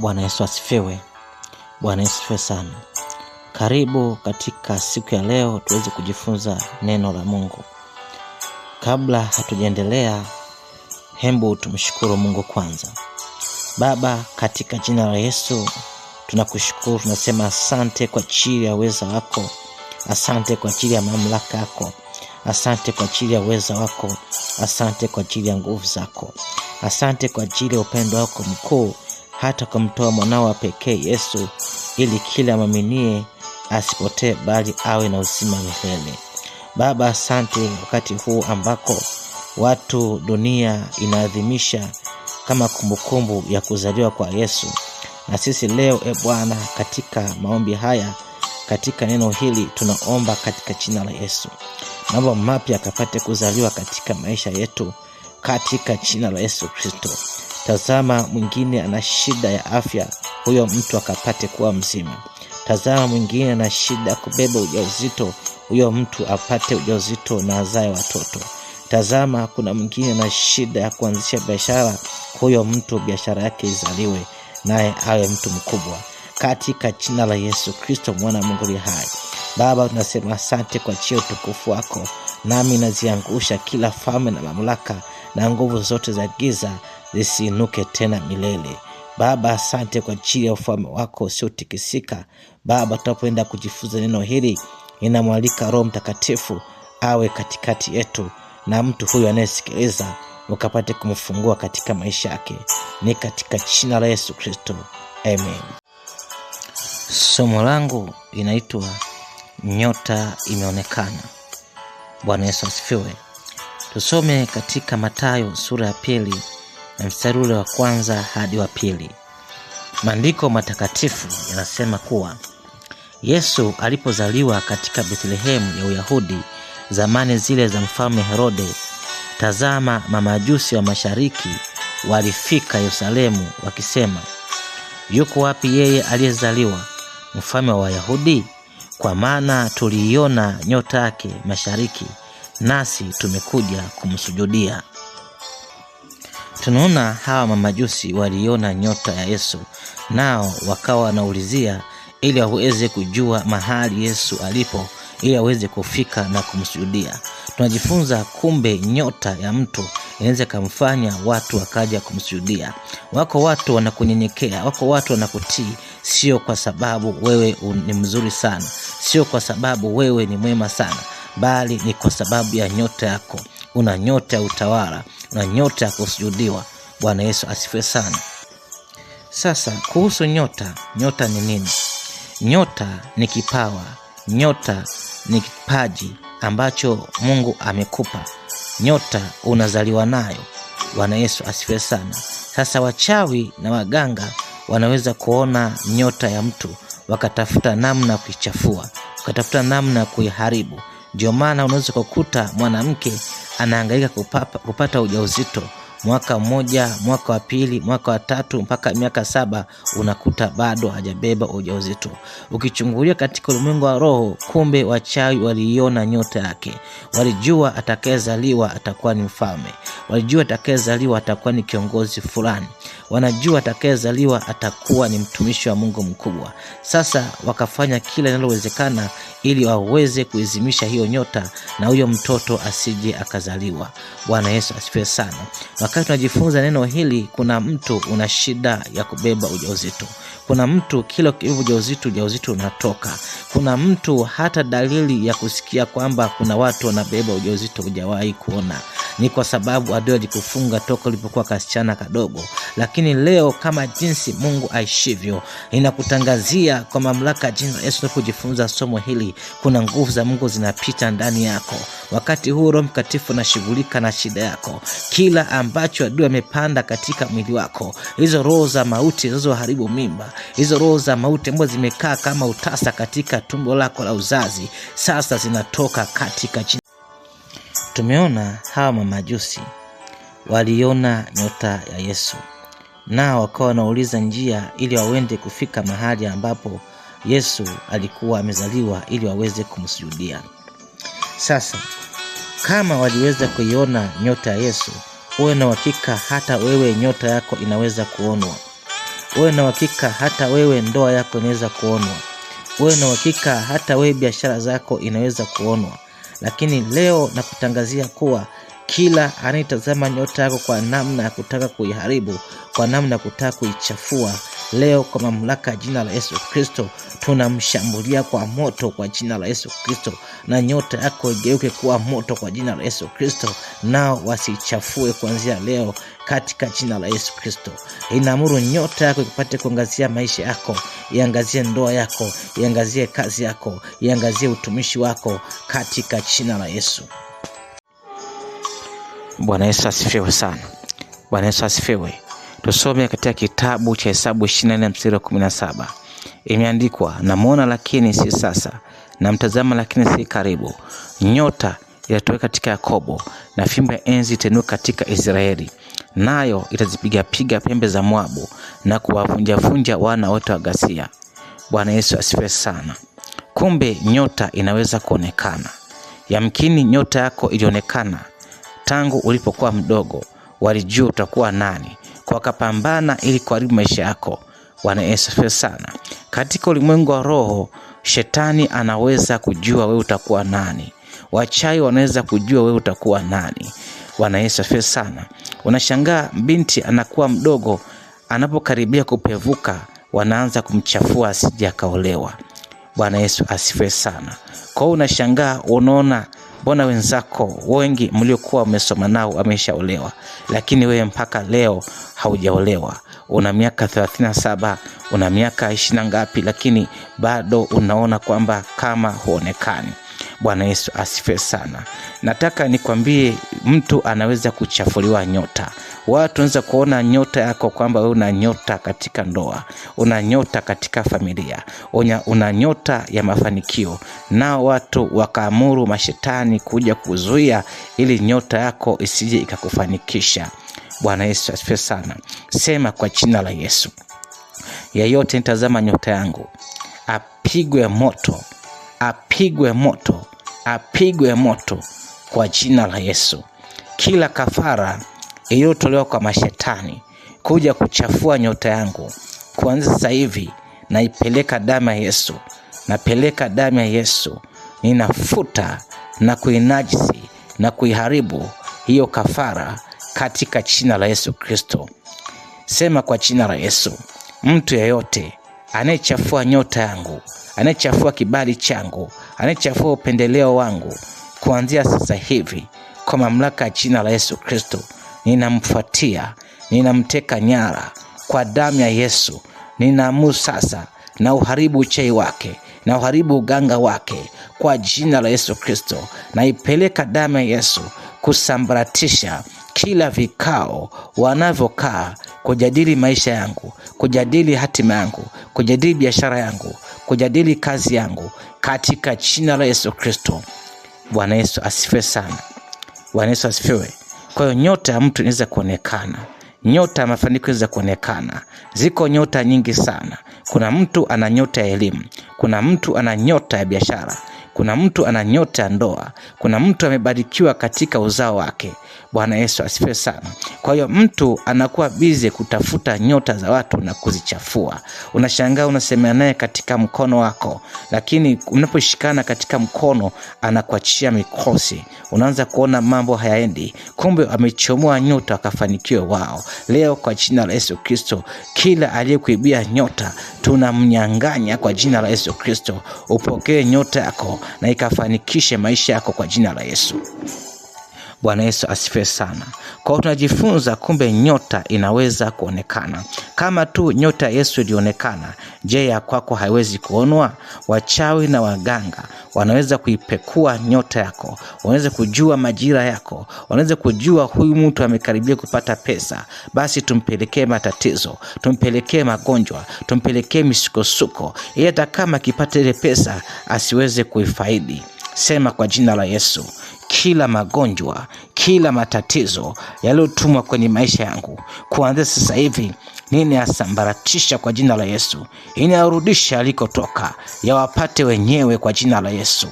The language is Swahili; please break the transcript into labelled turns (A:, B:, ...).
A: Bwana Yesu asifiwe. Bwana Yesu asifiwe sana. Karibu katika siku ya leo tuweze kujifunza neno la Mungu. Kabla hatujaendelea, hembu tumshukuru Mungu kwanza. Baba, katika jina la Yesu tunakushukuru, tunasema asante kwa ajili ya uweza wako, asante kwa ajili ya mamlaka yako, asante kwa ajili ya uweza wako, asante kwa ajili ya nguvu zako, asante kwa ajili ya upendo wako mkuu hata kumtoa mwanao wa pekee Yesu, ili kila mwaminie asipotee, bali awe na uzima milele. Baba, asante wakati huu ambako watu dunia inaadhimisha kama kumbukumbu ya kuzaliwa kwa Yesu, na sisi leo, e Bwana, katika maombi haya, katika neno hili tunaomba katika jina la Yesu, mambo mapya akapate kuzaliwa katika maisha yetu, katika jina la Yesu Kristo. Tazama mwingine ana shida ya afya, huyo mtu akapate kuwa mzima. Tazama mwingine ana shida ya kubeba ujauzito, huyo mtu apate ujauzito na azae watoto. Tazama kuna mwingine ana shida ya kuanzisha biashara, huyo mtu biashara yake izaliwe, naye awe mtu mkubwa, katika jina la Yesu Kristo mwana Mungu aliye hai. Baba, tunasema asante kwa chia utukufu wako, nami naziangusha kila falme na mamlaka na nguvu zote za giza lisiinuke tena milele. Baba, asante kwa ajili ya ufalme wako usiotikisika. Baba, tunapoenda kujifunza neno hili, ninamwalika Roho Mtakatifu awe katikati yetu na mtu huyu anayesikiliza, ukapate kumfungua katika maisha yake, ni katika jina la Yesu Kristo, amen. Somo langu linaitwa nyota imeonekana. Bwana Yesu asifiwe. Tusome katika Mathayo sura ya pili mstari ule wa kwanza hadi wa pili. Maandiko matakatifu yanasema kuwa Yesu alipozaliwa katika Bethlehemu ya Uyahudi zamani zile za mfalme Herode, tazama, mamajusi wa mashariki walifika Yerusalemu wakisema, yuko wapi yeye aliyezaliwa mfalme wa Wayahudi? Kwa maana tuliiona nyota yake mashariki, nasi tumekuja kumsujudia. Tunaona hawa mamajusi waliona nyota ya Yesu, nao wakawa wanaulizia ili waweze kujua mahali Yesu alipo ili aweze kufika na kumsujudia. Tunajifunza kumbe, nyota ya mtu inaweza ikamfanya watu wakaja kumsujudia. Wako watu wanakunyenyekea, wako watu wanakutii, sio kwa sababu wewe ni mzuri sana, sio kwa sababu wewe ni mwema sana, bali ni kwa sababu ya nyota yako. Una nyota ya utawala na nyota ya kusujudiwa. Bwana Yesu asifiwe sana. Sasa kuhusu nyota, nyota ni nini? Nyota ni kipawa, nyota ni kipaji ambacho Mungu amekupa. Nyota unazaliwa nayo. Bwana Yesu asifiwe sana. Sasa wachawi na waganga wanaweza kuona nyota ya mtu wakatafuta namna ya kuichafua, wakatafuta namna ya kuiharibu. Ndio maana unaweza kukuta mwanamke anaangaika kupata ujauzito mwaka mmoja, mwaka wa pili, mwaka wa tatu mpaka miaka saba, unakuta bado hajabeba ujauzito. Ukichungulia katika ulimwengu wa roho, kumbe wachawi waliiona nyota yake, walijua atakayezaliwa atakuwa ni mfalme, walijua atakayezaliwa atakuwa ni kiongozi fulani, wanajua atakayezaliwa atakuwa ni mtumishi wa Mungu mkubwa. Sasa wakafanya kila linalowezekana ili waweze kuizimisha hiyo nyota na huyo mtoto asije akazaliwa. Bwana Yesu asifiwe sana. Wakati unajifunza neno hili, kuna mtu una shida ya kubeba ujauzito, kuna mtu kila ukibeba ujauzito ujauzito unatoka, kuna mtu hata dalili ya kusikia kwamba kuna watu wanabeba ujauzito hujawahi kuona ni kwa sababu adui alikufunga toka ulipokuwa kasichana kadogo, lakini leo kama jinsi Mungu aishivyo, ninakutangazia kwa mamlaka ya jina Yesu, kujifunza somo hili, kuna nguvu za Mungu zinapita ndani yako. Wakati huu Roho Mtakatifu anashughulika na shida yako, kila ambacho adui amepanda katika mwili wako, hizo roho za mauti zilizoharibu mimba, hizo roho za mauti ambazo zimekaa kama utasa katika tumbo lako la uzazi, sasa zinatoka katika jina Tumeona hawa mamajusi waliona nyota ya Yesu, nao wakawa wanauliza njia ili wawende kufika mahali ambapo Yesu alikuwa amezaliwa ili waweze kumsujudia. Sasa kama waliweza kuiona nyota ya Yesu, uwe na uhakika hata wewe nyota yako inaweza kuonwa. Uwe na uhakika hata wewe ndoa yako inaweza kuonwa. Uwe na uhakika hata wewe biashara zako inaweza kuonwa lakini leo nakutangazia kuwa kila anayetazama nyota yako kwa namna ya kutaka kuiharibu, kwa namna ya kutaka kuichafua Leo kwa mamlaka ya jina la Yesu Kristo tunamshambulia kwa moto kwa jina la Yesu Kristo, na nyota yako igeuke kuwa moto kwa jina la Yesu Kristo, nao wasichafue kuanzia leo katika jina la Yesu Kristo. Inaamuru nyota yako ikipate kuangazia maisha yako, iangazie ndoa yako, iangazie kazi yako, iangazie utumishi wako katika jina la Yesu. Bwana Yesu asifiwe sana. Bwana Yesu asifiwe. Tusome katika kitabu cha Hesabu 24 mstari wa 17, imeandikwa namwona lakini si sasa, namtazama lakini si karibu. Nyota itatoweka katika Yakobo na fimbo ya enzi itainuka katika Israeli, nayo itazipigapiga pembe za Moabu na kuwavunjavunja wana wote wa ghasia. Bwana Yesu asifiwe sana. Kumbe nyota inaweza kuonekana. Yamkini nyota yako ilionekana tangu ulipokuwa mdogo, walijua utakuwa nani wakapambana ili kuharibu maisha yako. Bwana Yesu asifiwe sana. Katika ulimwengu wa roho, shetani anaweza kujua wewe utakuwa nani, wachawi wanaweza kujua wewe utakuwa nani. Bwana Yesu asifiwe sana. Unashangaa binti anakuwa mdogo, anapokaribia kupevuka wanaanza kumchafua asije akaolewa. Bwana Yesu asifiwe sana. Kwa hiyo unashangaa, unaona mbona wenzako wengi mliokuwa mmesoma nao ameshaolewa, lakini wewe mpaka leo haujaolewa? Una miaka 37 saba, una miaka ishirini na ngapi, lakini bado unaona kwamba kama huonekani. Bwana Yesu asifiwe sana. Nataka nikwambie mtu anaweza kuchafuliwa nyota. Watu wanaweza kuona nyota yako kwamba wewe una nyota katika ndoa, una nyota katika familia, una nyota ya mafanikio, nao watu wakaamuru mashetani kuja kuzuia ili nyota yako isije ikakufanikisha. Bwana Yesu asifiwe sana. Sema kwa jina la Yesu, yeyote nitazama nyota yangu apigwe moto, apigwe moto apigwe moto kwa jina la Yesu. Kila kafara iliyotolewa kwa mashetani kuja kuchafua nyota yangu, kuanzia sasa hivi naipeleka damu ya Yesu, napeleka damu ya Yesu, ninafuta na kuinajisi na kuiharibu hiyo kafara katika jina la Yesu Kristo. Sema kwa jina la Yesu, mtu yeyote anayechafua nyota yangu, anayechafua kibali changu, anayechafua upendeleo wangu, kuanzia sasa hivi, kwa mamlaka ya jina la Yesu Kristo, ninamfuatia, ninamteka nyara kwa damu ya Yesu. Ninaamuru sasa na uharibu uchei wake na uharibu uganga wake kwa jina la Yesu Kristo. Naipeleka damu ya Yesu kusambaratisha kila vikao wanavyokaa kujadili maisha yangu, kujadili hatima yangu, kujadili biashara yangu, kujadili kazi yangu katika china la Yesu Kristo. Bwana Yesu asifiwe sana. Bwana Yesu asifiwe. Kwa hiyo nyota ya mtu inaweza kuonekana nyota ya mafanikio za kuonekana. Ziko nyota nyingi sana. Kuna mtu ana nyota ya elimu, kuna mtu ana nyota ya biashara, kuna mtu ana nyota ya ndoa, kuna mtu amebarikiwa katika uzao wake. Bwana Yesu asifiwe sana. Kwa hiyo mtu anakuwa bize kutafuta nyota za watu na kuzichafua. Unashangaa unasemea naye katika mkono wako, lakini unaposhikana katika mkono anakuachia mikosi, unaanza kuona mambo hayaendi. Kumbe amechomoa nyota akafanikiwa wao. Leo kwa jina la Yesu Kristo, kila aliyekuibia nyota tunamnyang'anya kwa jina la Yesu Kristo. Upokee nyota yako na ikafanikishe maisha yako kwa jina la Yesu. Bwana Yesu asifiwe sana. Kwa tunajifunza kumbe nyota inaweza kuonekana kama tu nyota ya Yesu ilionekana. Je, ya kwako haiwezi kuonwa? Wachawi na waganga wanaweza kuipekua nyota yako, wanaweza kujua majira yako, wanaweza kujua huyu mtu amekaribia kupata pesa, basi tumpelekee matatizo, tumpelekee magonjwa, tumpelekee misukosuko, ili hata kama akipata ile pesa asiweze kuifaidi. Sema kwa jina la Yesu kila magonjwa, kila matatizo yaliyotumwa kwenye maisha yangu, kuanzia sasa hivi ninayasambaratisha kwa jina la Yesu, ninayarudisha yalikotoka, yawapate wenyewe kwa jina la Yesu.